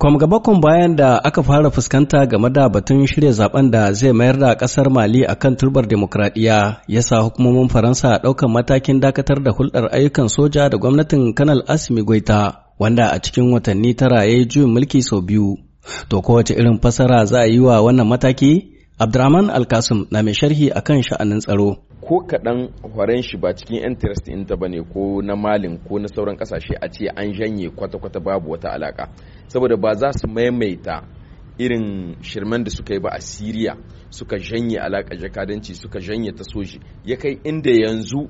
Kwam gaba bayan da aka fara fuskanta game da batun shirya zaben da zai mayar da kasar Mali a kan turbar demokradiyya ya sa hukumomin Faransa ɗaukan matakin dakatar da hulɗar ayyukan soja da gwamnatin Kanal Asimi Goita wanda a cikin watanni tara ya yi juyin mulki sau biyu. To kowace irin fasara za a yi wa wannan mataki? Abdurrahman Alkasim na mai sharhi a kan sha'anin tsaro. Ko kaɗan horon shi ba cikin interest in ta ne ko na malin ko na sauran ƙasashe a ce an janye kwata-kwata babu wata alaƙa. Saboda ba za su maimaita irin shirman da suka yi ba a Siriya suka janye alaƙa jakadanci suka janye ta soji ya kai inda yanzu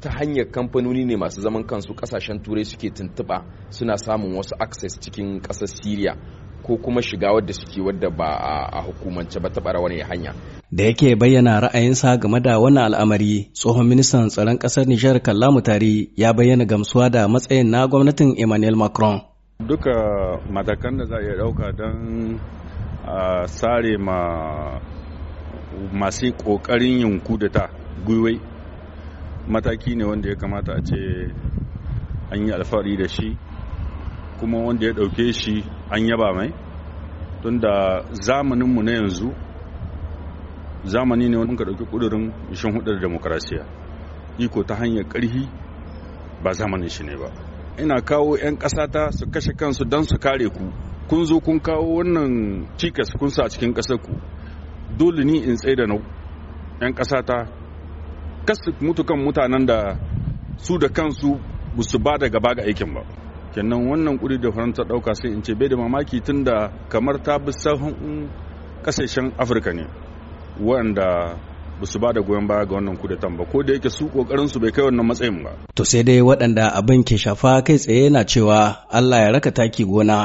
ta hanyar kamfanoni ne masu zaman kansu ƙasashen turai suke tuntuɓa suna samun wasu access cikin ƙasar Siriya. ko kuma shiga wadda suke wadda ba a hukumance ba ta bara wani hanya. Da yake bayyana ra'ayinsa game da wannan al'amari, tsohon ministan tsaron ƙasar Nijar Kallamu Tari ya bayyana gamsuwa da matsayin na gwamnatin Emmanuel Macron. Duka matakan da za a iya ɗauka don a sare ma masu ƙoƙarin yin da gwiwai mataki ne wanda ya kamata a ce an yi alfahari da shi kuma wanda ya ɗauke shi an yaba mai da zamaninmu na yanzu zamani ne wani ka ɗauki ƙudurin shin hudar demokrasiya iko ta hanyar ƙarfi ba zamanin shi ne ba ina kawo 'yan ƙasata su kashe kansu don su kare ku kun zo kun kawo wannan cikas kun sa cikin ƙasar ku dole ni in tsaye da na 'yan ƙasata kasu mutu mutanen da su da kansu ba su ba da gaba ga aikin ba kenan wannan kuri da faransa dauka sai in ce bai da mamaki tun da kamar ta bi sahun kasashen afirka ne wanda ba su ba da goyon baya ga wannan kudatan ba ko da yake su kokarin su bai kai wannan matsayin ba to sai dai waɗanda abin ke shafa kai tsaye na cewa Allah ya raka taki gona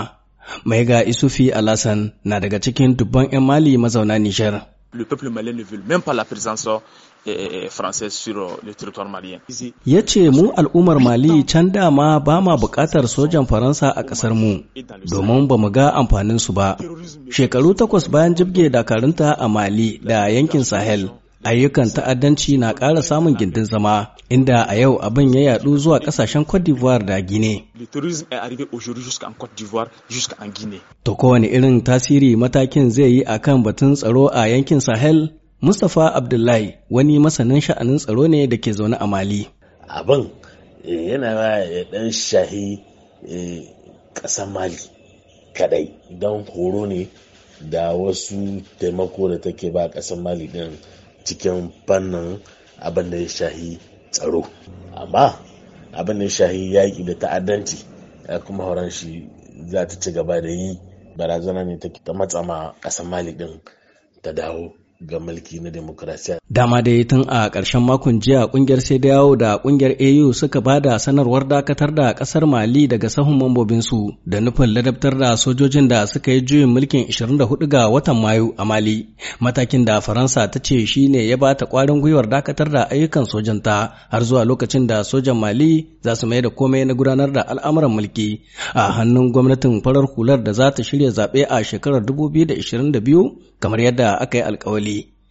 mai ga isufi alasan na daga cikin dubban 'yan mali mazauna nishar le peuple malien ne veut même pas la présence Eh, eh, euh, ya ce mu al'ummar Mali can dama ba ma buƙatar sojan Faransa a ƙasar mu domin ba mu ga amfanin su ba. Shekaru takwas bayan jibge dakarunta a Mali da yankin Sahel, ayyukan ta'addanci na ƙara samun gindin zama inda a yau abin ya yadu zuwa ƙasashen Cote d'Ivoire da Gine. To kowane irin tasiri matakin zai yi akan batun tsaro a yankin Sahel? Mustapha Abdullahi wani masanin sha'anin tsaro ne da ke zaune a Mali. Abin eh, yana ya ɗan shahi eh, ƙasar Mali kadai don horo ne da wasu taimako da take ba ƙasar Mali ɗin cikin fannin abin da ya shahi tsaro. Amma abin da ya shahi yaƙi da ta'addanci ya kuma horon shi za ta ci gaba da yi barazana ne ta matsama ƙasar Mali din ta dawo ga mulki na demokrasiya. Dama dai tun a ƙarshen makon jiya ƙungiyar sai da yawo da kungiyar AU suka ba da sanarwar dakatar da ƙasar Mali daga sahun mambobinsu da nufin ladabtar da sojojin da suka yi juyin mulkin 24 ga watan Mayu a Mali. Matakin da Faransa ta ce shi ne ya ba ta ƙwarin gwiwar dakatar da ayyukan sojanta har zuwa lokacin da sojan Mali za su mai da komai na gudanar da al'amuran mulki a hannun gwamnatin farar hular da za ta shirya zaɓe a shekarar 2022 kamar yadda aka yi alkawali.